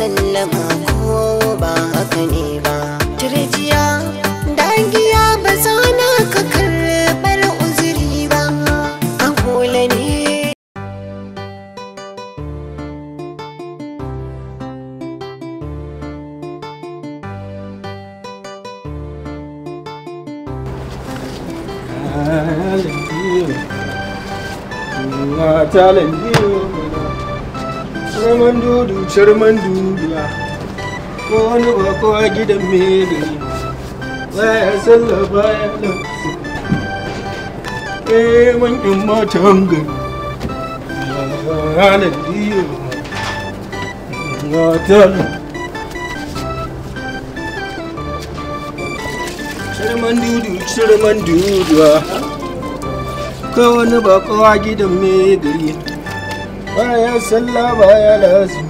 sallama ko ba haka ne ba turjiya dagiya ba zana ka karɓar uzuri ba a kula ne you. Charmandu, Charmandu. ko wani ba kowa gidan mai baya sallah baya lafi eh manyan matan gari ranar biyu shirman dudu shirman duduwa wani gidan mai gari baya sallah baya lafi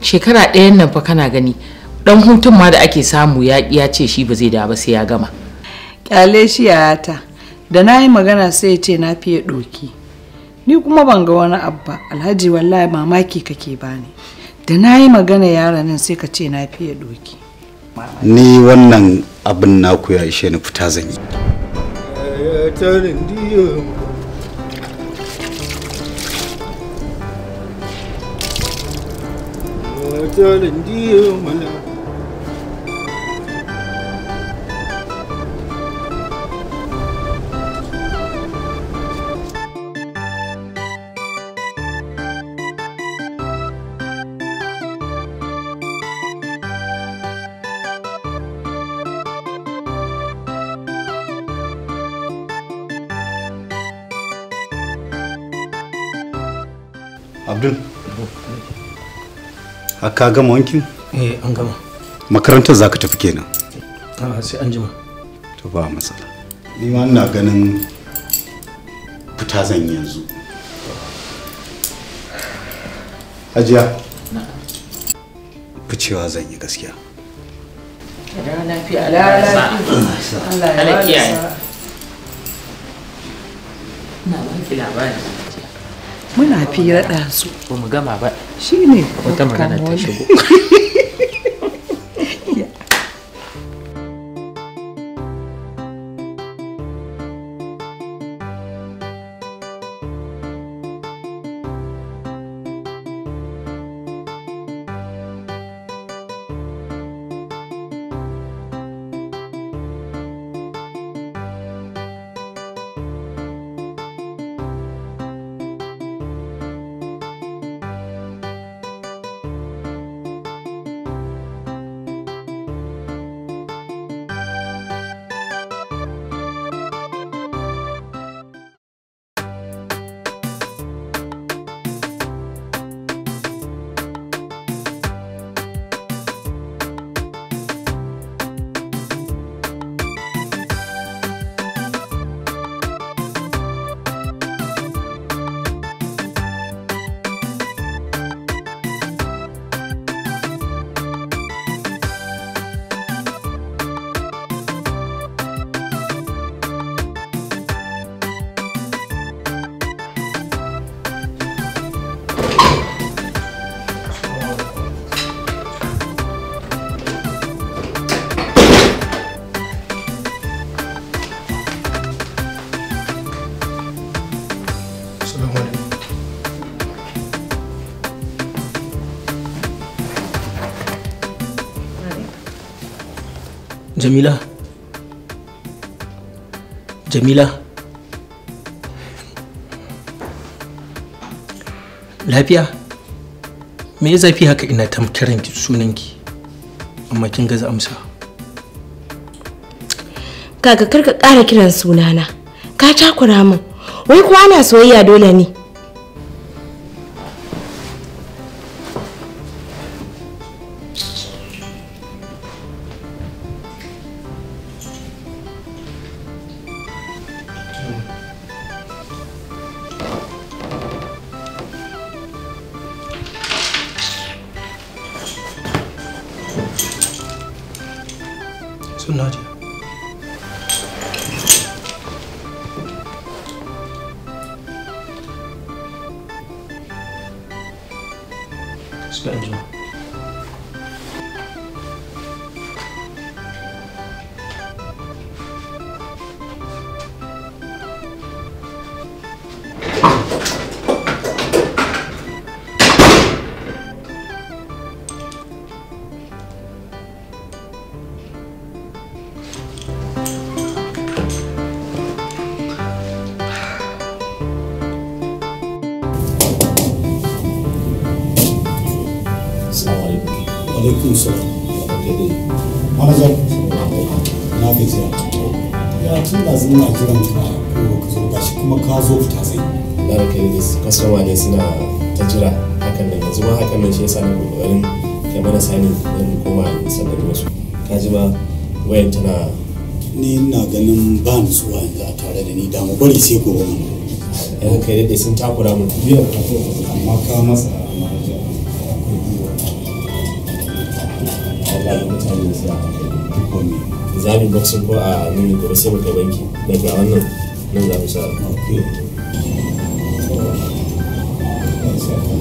shekara ɗayan nan fa kana gani ɗan hutun ma da ake samu ya ya ce shi ba zai da ba sai ya gama kyale shi yayata da na yi magana sai ce na fiye ɗoki ni kuma ban ga wani abba alhaji wallahi mamaki kake bani da na yi magana yaran nan sai ka ce na fiye ɗoki ni wannan abin naku ya ishe ni fita zan yi eh, Tell him, dear, my love. a ka gama wankin eh an gama makarantar za ka tafi kenan a ah, sai an jima to ba matsala ni ma ina ganin fita zan yanzu hajiya ficewa zan yi gaskiya Allah ya kiyaye Na ba ki muna fira su. ba mu gama ba shine wata magana ta shigo jamila jamila lafiya me ya zafi haka ina ta kiran sunanki amma kin gaza amsa kaga karka ƙara kiran sunana ka cakura min wai kuwa na soyayya dole ne Spit suna ta jira hakan nan yanzu ma hakan nan shi yasa na kokarin kai mana sani don koma sanar musu ka ji ba wayan tana ni ina ganin ba nutsuwa yanzu a tare da ni da mu bari sai gobe mu yan kai dai sun takura mu biyan amma ka masa za mu boxing ko a nuna gobe sai mu kai banki daga wannan nan za mu sa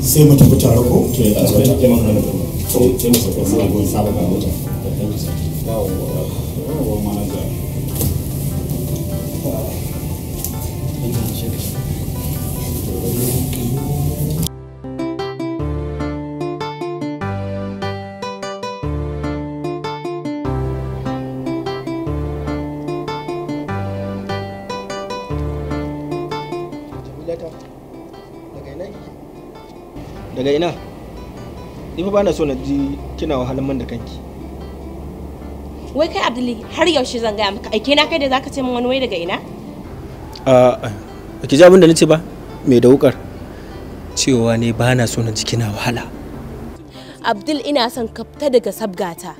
sai mu tafi tare ko? to ya tafi tare ko? to ya tafi tare ko? daga ina ni fa bana so na ji kina wahalan man da kanki wai kai abdulli har yaushe zan gaya maka aike na kai da zaka ce min wani wai daga ina a ki ji abin da nace ba me da wukar cewa ne bana so na ji kina wahala abdul ina son ka fita daga sabgata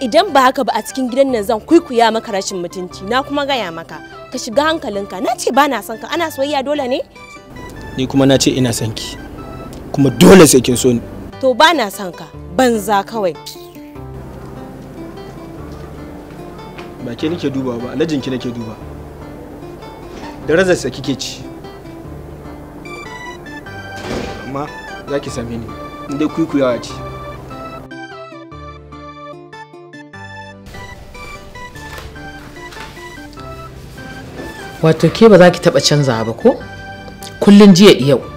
idan ba haka ba a cikin gidan nan zan kuikuya maka rashin mutunci na kuma gaya maka ka shiga hankalinka na ce bana son ka ana soyayya dole ne ni kuma na ce ina son ki kuma dole sai kin so ni to ba na son ka banza kawai ba ke nake duba ba alajin ki nake duba darajar sa kike ci amma za ki same ni inda kuikuyawa ce wato ke ba za ki taɓa canza ba ko kullum jiya yau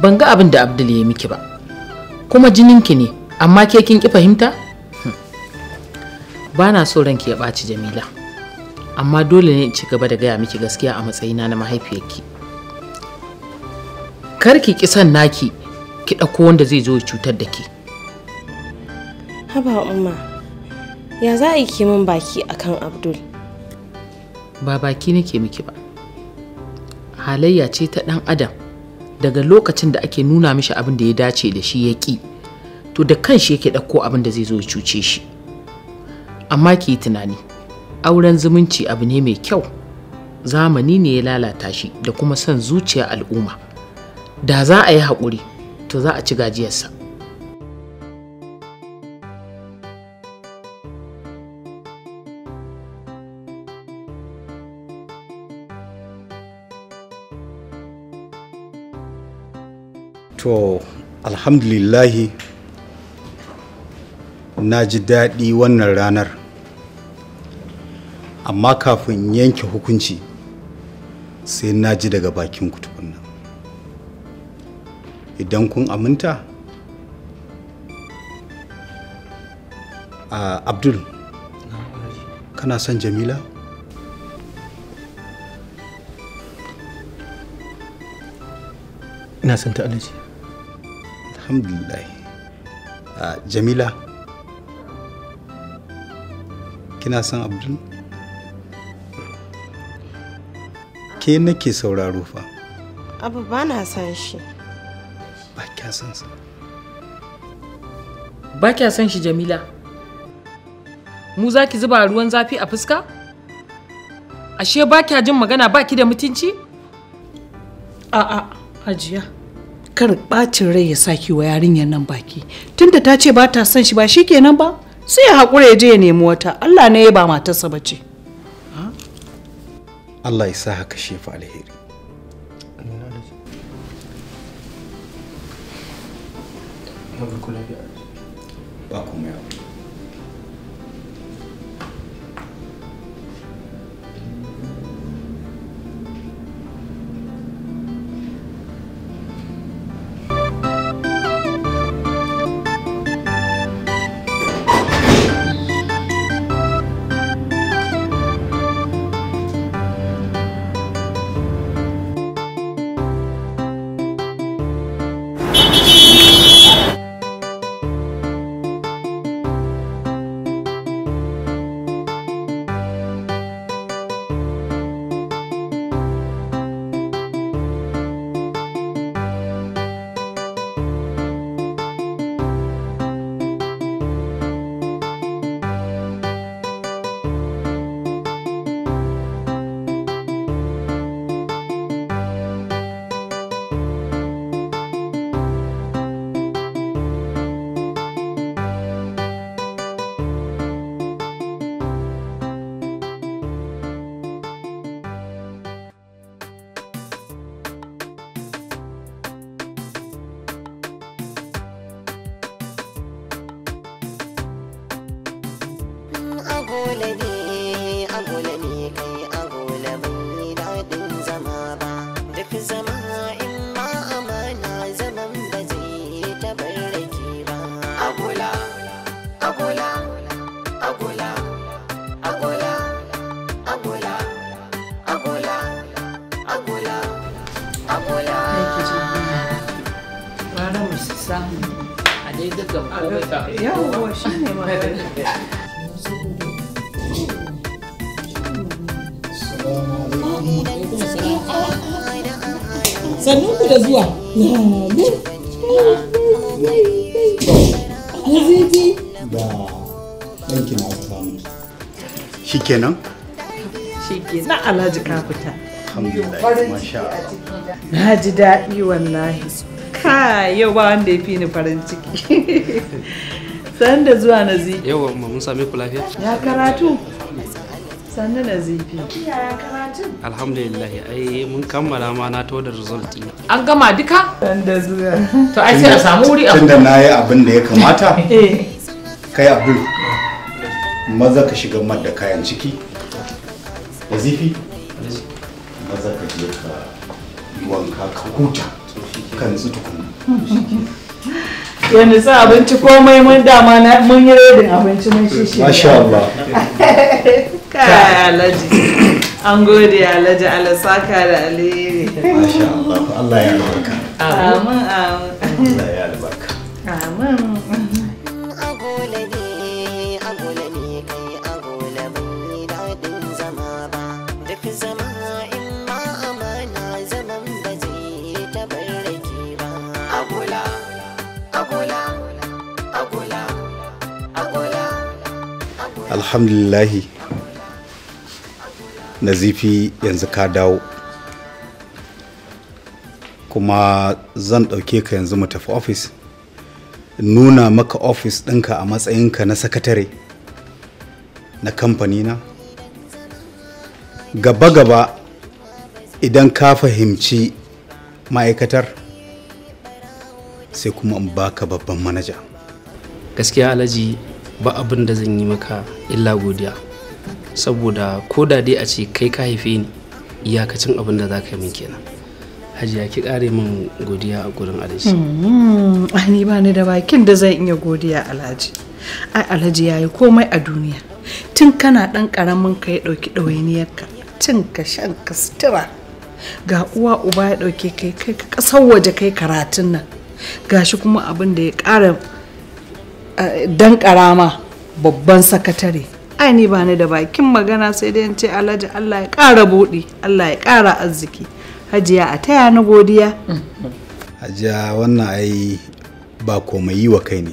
ban ga abin da abdul ya miki ba kuma jininki ne amma ke kin ki fahimta hmm. ba na so ranki ya ɓaci jamila amma dole ne in ci gaba da gaya miki gaskiya a matsayina na mahaifiyarki kar ki kisan naki ki ɗauko wanda zai zo cutar da ke haba umma ya za a yi min baki akan abdul ba baki nake miki ba halayya ce ta ɗan adam daga lokacin da ake nuna mishi abin da ya dace da shi ya ƙi to da kan shi yake ɗauko abin da zai zo ya cuce shi amma ki tunani auren zumunci abu ne mai kyau zamani ne ya lalata shi da kuma son zuciya al'umma da za a yi haƙuri to za a ci gajiyarsa to alhamdulillahi na ji daɗi wannan ranar amma kafin yanke hukunci sai na ji daga bakin ku nan idan kun aminta uh, abdul kana son jamila ina son alaji alhamdulillah uh, jamila kina san abdul ke nake sauraro fa abu ba na san shi ba kya san sa ba kya san shi jamila mu za ki zuba ruwan zafi a fuska ashe ba kya jin magana ba ki da mutunci a'a hajiya kar bacin rai ya saki wa yarinyar nan baki tunda ta ce ba ta son shi ba shi kenan ba sai ya haƙura ya je ya nemi wata allah ne ya ba matarsa ba ce allah ya sa haka fa alheri ba kuma sannan ku da zuwa Azizi da ɗanki na samu shi kenan shi kenan alhaji ka alhamdulillah masha Allah na ji daɗi wallahi ka yau ba wanda ya fi ni farin ciki san da zuwa na zi yau mun same ku lafiya ya karatu sannu na zifi alhamdulillah ai mun kammala ma na to da result din an gama duka dan da zuwa to ai sai a samu wuri a tunda nayi abin da ya kamata eh kai abdul maza ka shiga mad da kayan ciki da maza ka je ka yi wanka ka huta kan su tukun yanzu sa abinci komai mun dama mun yi redin abinci mun shi shi masha Allah kai alaji an gode alaji alasaka da aliri masha Allah Allah ya albarka amin amin Allah ya albarka amin alhamdulillahi nazifi yanzu ka dawo kuma zan ɗauke ka yanzu mu tafi ofis nuna maka ofis ɗinka a matsayinka na sakatare na kamfani na gaba-gaba idan ka fahimci ma'aikatar sai kuma in baka babban manaja gaskiya alhaji ba abin da zan yi maka illa godiya saboda ko da dai a ce kai ka haife ni iyakacin abin da za ka yi min kenan hajiya ki kare min godiya a gurin alhaji mm-hmm. ni ba ni da bakin da zan iya godiya alhaji ai alhaji yayi komai a duniya tun kana dan karamin ka ya dauki ɗawainiyarka cin ka shan ka sutura ga uwa uba ya dauke kai kai ka kasar waje kai karatun nan gashi kuma abin da ya ƙara eh, dan karama babban sakatare ai ni bani da bakin magana sai dai in ce alhaji Allah ya ƙara buɗi Allah ya ƙara arziki hajiya a taya na godiya hajiya wannan ai ba komai yi wa kai ne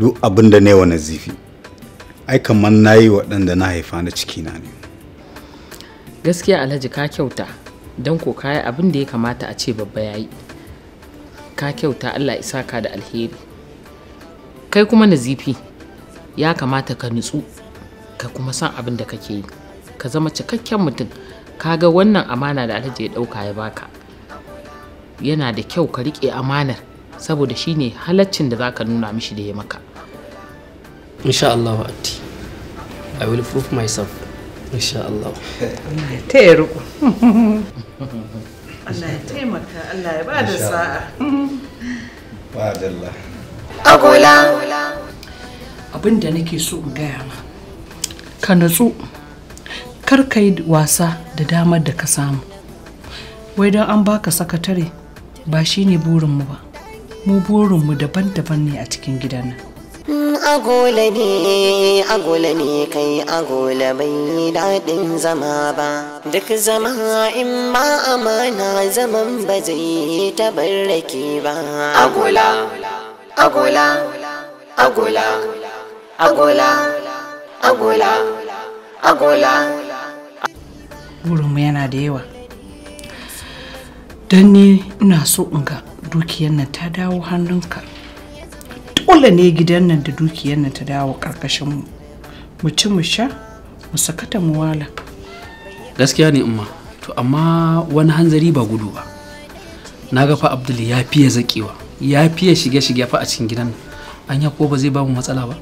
duk abin da ne wa nazifi ai kamar na yi waɗanda na haifa na cikina ne gaskiya alhaji ka kyauta don ko kaya abin da ya kamata a ce babba ya yi ka kyauta allah isa ka da alheri kai kuma nazifi ya kamata ka nutsu ka kuma san abin da kake yi ka zama cikakken mutum ka ga wannan amana da alhaji ya ɗauka ya baka yana da kyau ka riƙe amanar saboda shi ne halaccin da za ka nuna mishi da ya maka insha Allah i will prove myself insha Allah ta ya riko Allah ya taimaka Allah ya ba da sa'a ba da Allah abin da nake so in gaya ma ka natsu kar ka yi wasa da damar da ka samu wai don an baka sakatare ba shi ne burinmu ba mu burinmu daban-daban ne a cikin gidan nan mm, agola ne agola ne kai agola bai yi daɗin zama ba duk zama in ma amana zaman ba zai tabarrake ba agola agola agola agola agola agola burinmu yana da yawa don ni ina so in ga dukiyar nan ta dawo hannunka dole ne gidan nan da dukiyar nan ta dawo karkashin mu mu ci mu sha mu sakata mu wala gaskiya ne umma to amma wani hanzari ba gudu ba na ga fa abdul ya fiye zakewa ya fiye shige shige fa a cikin gidan an anya ko ba zai ba mu matsala ba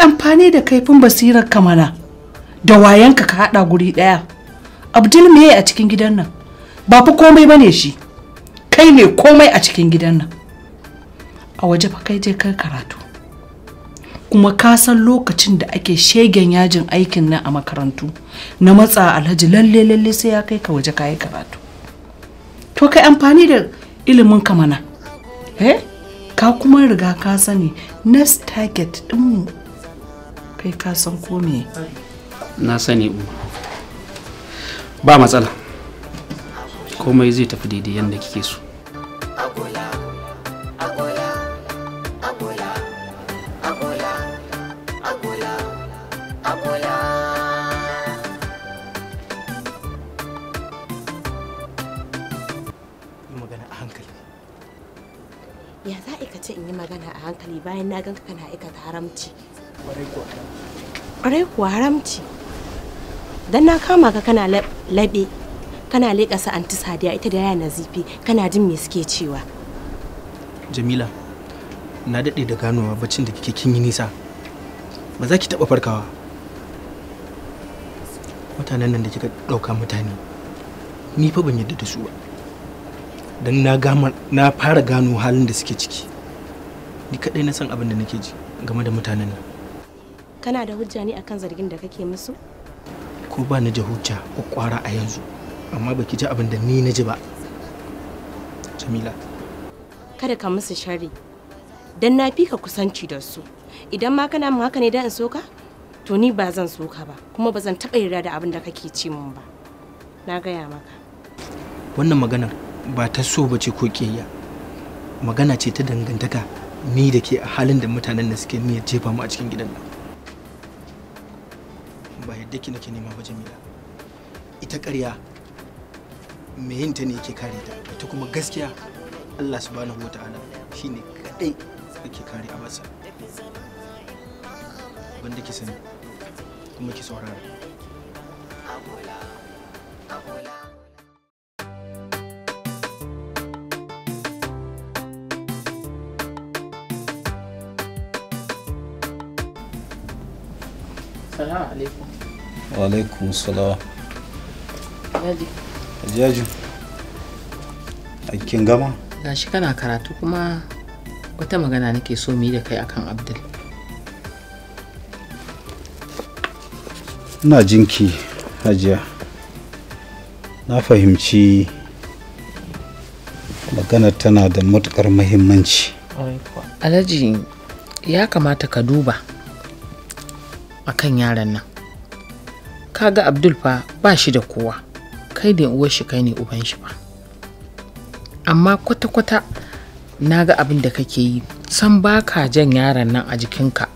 amfani da kaifin basirar kamana da wayanka ka hada guri daya abdul me a cikin gidan nan ba fa komai bane shi kai ne komai a cikin gidan nan a waje fa kai je kai karatu kuma ka san lokacin da ake shegen yajin aikin nan a makarantu na matsa alhaji lalle lalle sai ya kai ka waje kayi karatu to kai amfani da ilimin kamana eh ka kuma riga ka sani next target ɗinmu kai ka san ko me na sani umma ba matsala komai zai tafi daidai yadda kike so ya za ka ce in yi magana a hankali bayan na ganka kana aikata haramci ƙwarai kuwa haramci dan na kama ka kana laɓe kana leƙa sa anti sadiya ita da yana zifi kana jin me suke cewa jamila na daɗe da ganowa baccin da kike kin yi nisa ba za ki taɓa farkawa mutanen nan da kika ɗauka mutane ni fa ban yadda da su ba don na gama na fara gano halin da suke ciki ni kaɗai na san abin da nake ji game da mutanen nan kana da hujja ne akan zargin da kake musu ko ba ni da hujja ko kwara a yanzu amma baki ji abin da ni na ji ba jamila kada ka musu shari dan na fi ka kusanci da su idan ma kana mun haka ne dan in soka to ni ba zan soka ba kuma ba zan taɓa yarda da abin da kake ci min ba na gaya maka wannan maganar ba ta so ba ce ko magana ce ta dangantaka ni da ke a halin da mutanen da suke niyyar jefa mu a cikin gidan nan yadda ki nake nema ba jamila ita ƙarya me yin ta ne yake kare ta ita kuma gaskiya Allah subhanahu wata'ala shine kadai yake kare a masa wanda ki sani kuma ki saurara wa alaikum salawa aikin gama shi kana karatu kuma wata magana nake so mu yi da kai akan abdul ina jinki hajiya na fahimci magana tana da matukar mahimmanci alhaji ya kamata ka duba akan yaran nan kaga abdul fa ba shi da kowa kai ne uwar shi kai ne uban shi ba amma kwata-kwata na ga abin da kake yi san baka jan yaron nan a jikinka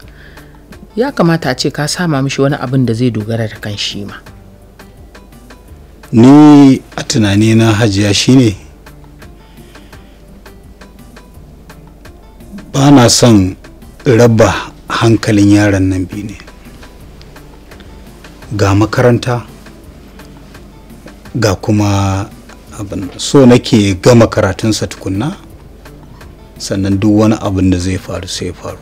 ya kamata a ce ka sama mishi wani abin da zai dogara da kan shi ma ni a tunani na hajiya shine ba na son raba hankalin yaron nan biyu ne ga makaranta ga kuma abin so nake gama karatunsa tukunna sannan duk wani abin da zai faru sai faru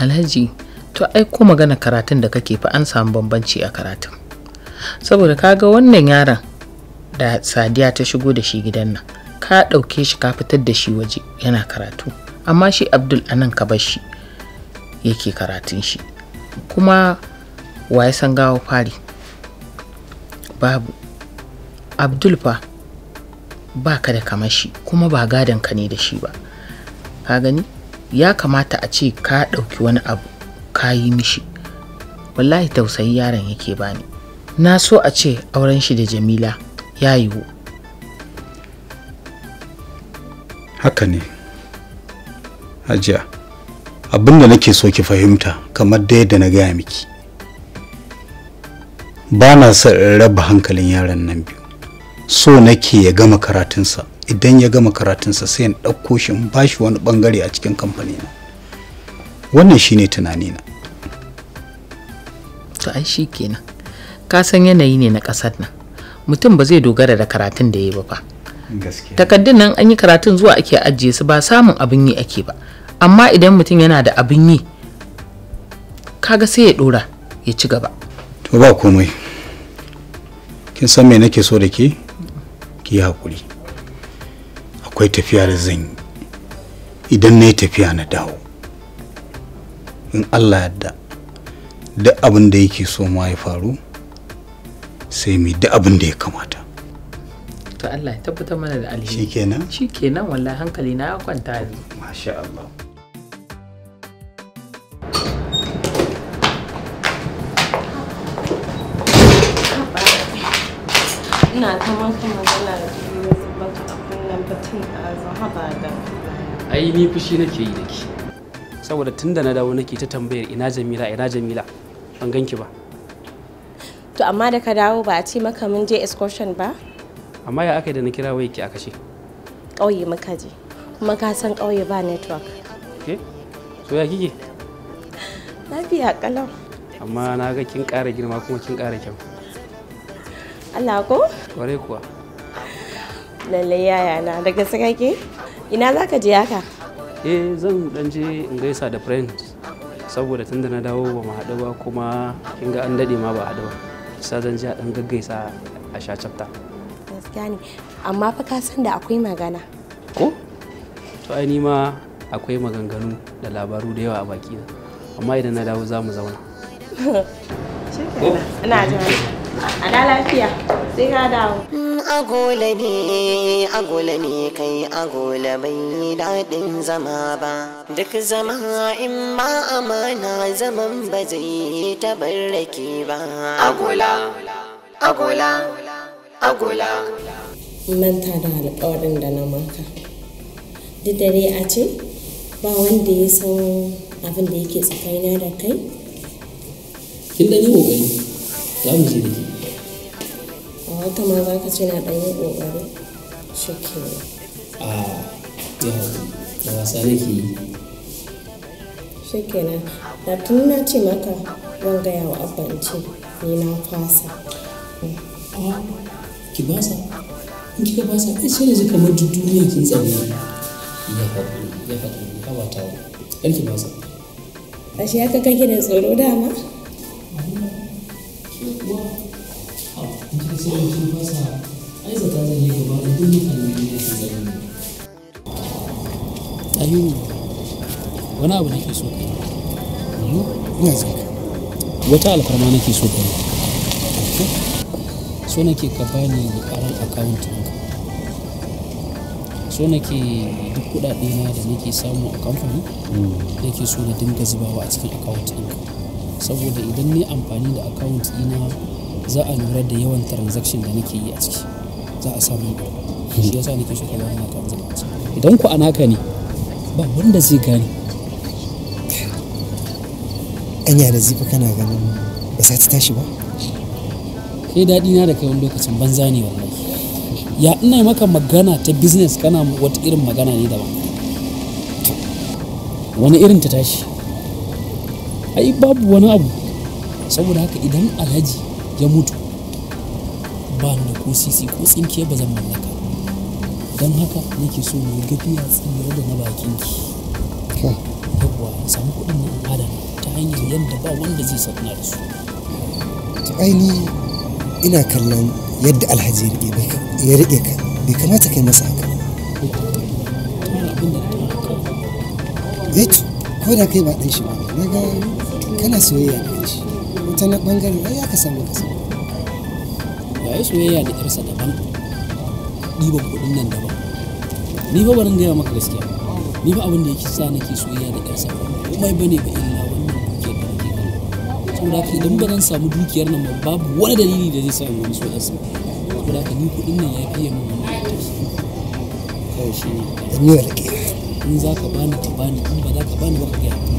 alhaji to ai ko magana karatun da kake fa an samu bambanci a karatun saboda kaga wannan yaron da sadiya ta shigo da shi gidan nan ka ɗauke shi ka fitar da shi waje yana karatu amma shi abdul anan ka bar shi yake karatun shi kuma wa ya san gawa fari babu abdul ba ka da kamashi kuma ba gadon ka ne da shi ba ka gani ya kamata a ce ka ɗauki wani abu ka yi mishi wallahi tausayi yaron yake bani na so a ce auren shi da jamila ya wo. haka ne hajiya abinda nake so ki fahimta kamar da yadda na gaya miki ba na son in raba hankalin yaran nan biyu so nake ya gama karatunsa idan ya gama karatunsa sai in ɗauko shi ba shi wani bangare a cikin kamfani na wannan shine na. to ai shi kenan ka san yanayi ne na ƙasar nan mutum ba zai dogara da karatun da ya yi ba takaddun nan an yi karatun zuwa ake ajiye su ba samun abin yi ake ba amma idan mutum yana da abin yi kaga sai ya dora ya ci gaba to ba komai kin san me nake so da ke ki yi hakuri akwai tafiya da zan yi idan na yi tafiya na dawo in allah yadda duk abin da yake so ma ya faru sai mu duk abin da ya kamata to allah ya tabbatar mana da alheri shikenan shikenan wallahi hankali na ya kwanta ne masha allah ina ta maka magana da kuma baka a batun da da ai ni fushi nake yi da saboda tun da na dawo nake ta tambayar ina jamila ina jamila ban ganki ba to amma da ka dawo ba a ce maka mun je excursion ba amma ya aka da na kira aka ce ƙauye muka je kuma ka san ƙauye ba network ke so ya kike lafiya kalau amma na ga kin ƙara girma kuma kin ƙara kyau Allah ko? Kware kuwa. Lalle yaya na daga suka ke? Ina za ka je haka? Eh zan dan je in gaisa da friend saboda tunda na dawo ba mu haɗu ba kuma kin ga an daɗe ma ba haɗu ba. Sa zan je a dan gaggaisa a sha chapter. Gaskiya ne amma fa ka san da akwai magana. Ko? To ai ni ma akwai maganganu da labaru da yawa a baki Amma idan na dawo za mu zauna. Shikenan. Ina jin. a da lafiya sai ka dawo mm, agola ne agola ne kai agola bai daɗin zama ba duk zama in ma amana zaman ba zai tabarrake ba agola agola agola manta da alƙawarin da na maka duk da a ce ba wanda ya san abin da yake tsakanina da kai kin da yi za mu da wata ma za ka ce na ɗan yi ƙoƙari shi a ya da wasa nake yi shi na da tuni na ce maka zan gaya wa ce ni na fasa a ki in kika sai duniya kin tsare ya haƙuri ya haƙuri ka ta wa ki ashe ya da tsoro dama kuwa a kuka sai kin fasa aizata zan yi gaba da duk mutanen duniya sun zama ne ayyu wani abu nake so kai ayyu ina zai wata alfarma nake so yi. so nake ka bani karan account ka so nake duk kuɗaɗe na da nake samu a kamfani hmm. nake so na dinga zubawa a cikin account ka. saboda idan ni amfani da account ina za a lura da yawan transaction da nake yi a ciki za a samu shi yasa nake so kaza na kan idan ku anaka ne ba wanda zai gane anya da zifa kana ganin ba sa ta tashi ba kai daɗi na da kai wani lokacin banza ne wallahi ya ina maka magana ta business kana wata irin magana ne daban wani irin ta tashi ai babu wani abu saboda haka idan alhaji ya mutu ba ni da ko sisi ko tsinke ba zan mallaka don haka nake so mu gafiya tsirar da na bakin ki hmm. yawwa samu kuɗin na adana ta hanyar yadda ba wanda zai sakna da su to aini ina kallon yadda alhaji ya rike ka bai kamata kai masa haka ba eh ko da kai ba ɗan shi ba na ga kana soyayya da shi wata na bangare ai ya ka samu ka samu ya yi soyayya da yarsa daban ɗiban kuɗin nan daban ni fa barin gaya maka gaskiya ni fa abin da yake sa nake soyayya da yarsa komai ne ba illa wannan dukiyar da nake kai saboda haka idan ba zan samu dukiyar nan ba babu wani dalili da zai sa in wani soyayya saboda haka ni kuɗin nan ya fiye min wannan kawai shi ne in za ka bani ka bani in ba za ka bani ba ka gaya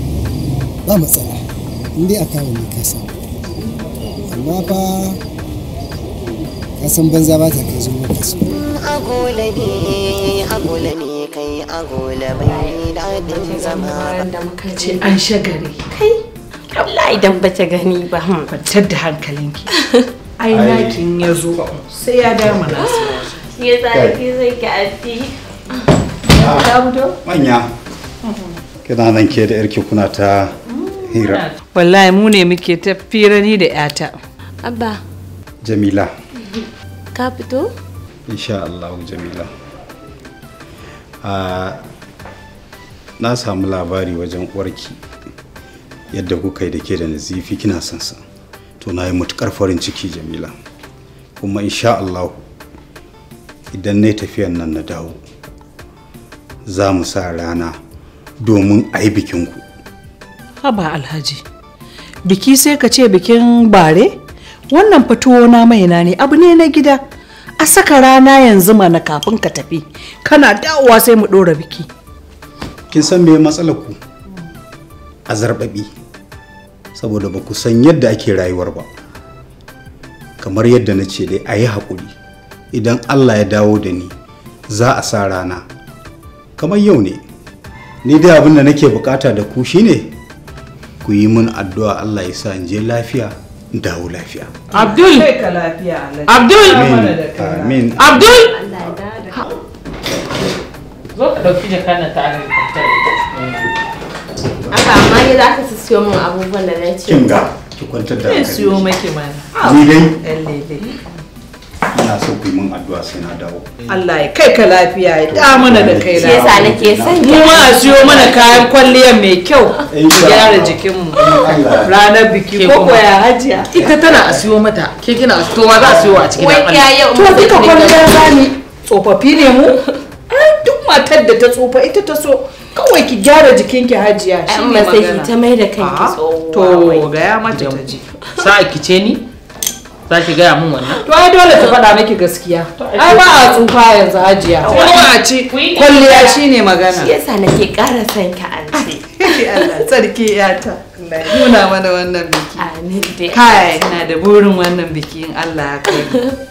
ba matsala inda a kawo ne kasa amma fa kasan banza ba ta kai zuwa kasu agola ne agola ne kai agola bai daɗin zama da muka ce an shagari kai Allah idan ba ta gani ba hmm, kwantar da hankalinki ai ya zo sai ya na su ya zaki zai ki addi ah, mm-hmm. nan ke da yarki kuna ta hira wallahi mu ne muke ta fira ni da yata abba jamila ka fito insha Allah jamila ah, na samu labari wajen uwarki yadda kuka yi da ke da nazifi kina son sa to na yi matukar farin ciki jamila kuma insha Allah idan na yi tafiyan nan na dawo za mu sa rana domin a yi bikinku haba alhaji biki sai ka ce bikin bare wannan fatuwo na maina ne abu ne na gida a saka rana yanzu mana kafin ka tafi kana dawowa sai mu ɗora biki kin san me matsalar ku a zarbabi saboda ba ku san yadda ake rayuwar ba kamar yadda na ce dai a yi haƙuri idan allah ya dawo da ni za a sa rana kamar yau ne ni dai abin da nake bukata da ku shine ku yi mun addu'a Allah ya sa in je lafiya dawo lafiya abdul abdul amin abdul Allah zo ka dauki jaka na ta ta. Aka amma ni za ka su siyo min abubuwan da na ce. Kin ga ki kwantar da hankali. Zai siyo maki mana. Ni dai. ina so ku min addu'a sai na dawo Allah ya kai ka lafiya ya da mana da kai lafiya shi nake son mu ma a siyo mana kayan kwalliya mai kyau gyara jikin mu ranar biki ko ko ya hajiya ita tana a siyo mata ke kina to wa za a siyo a cikin Allah to duka kwalliya zani tsofaffi ne mu duk matar da ta tsufa ita ta so kawai ki gyara jikinki hajiya shi ne magana sai ki ta mai da kanki ah, tsohuwa to ga ya mata ta ji sa'a ki ce ni zaki gaya mun wannan to ai dole ta faɗa miki gaskiya ai ba a tsufa yanzu ajiya wani a ci kwalliya shine magana shi yasa nake ƙara son ka an ce Allah sarki yata nuna mana wannan biki kai ina da burin wannan bikin Allah ya kai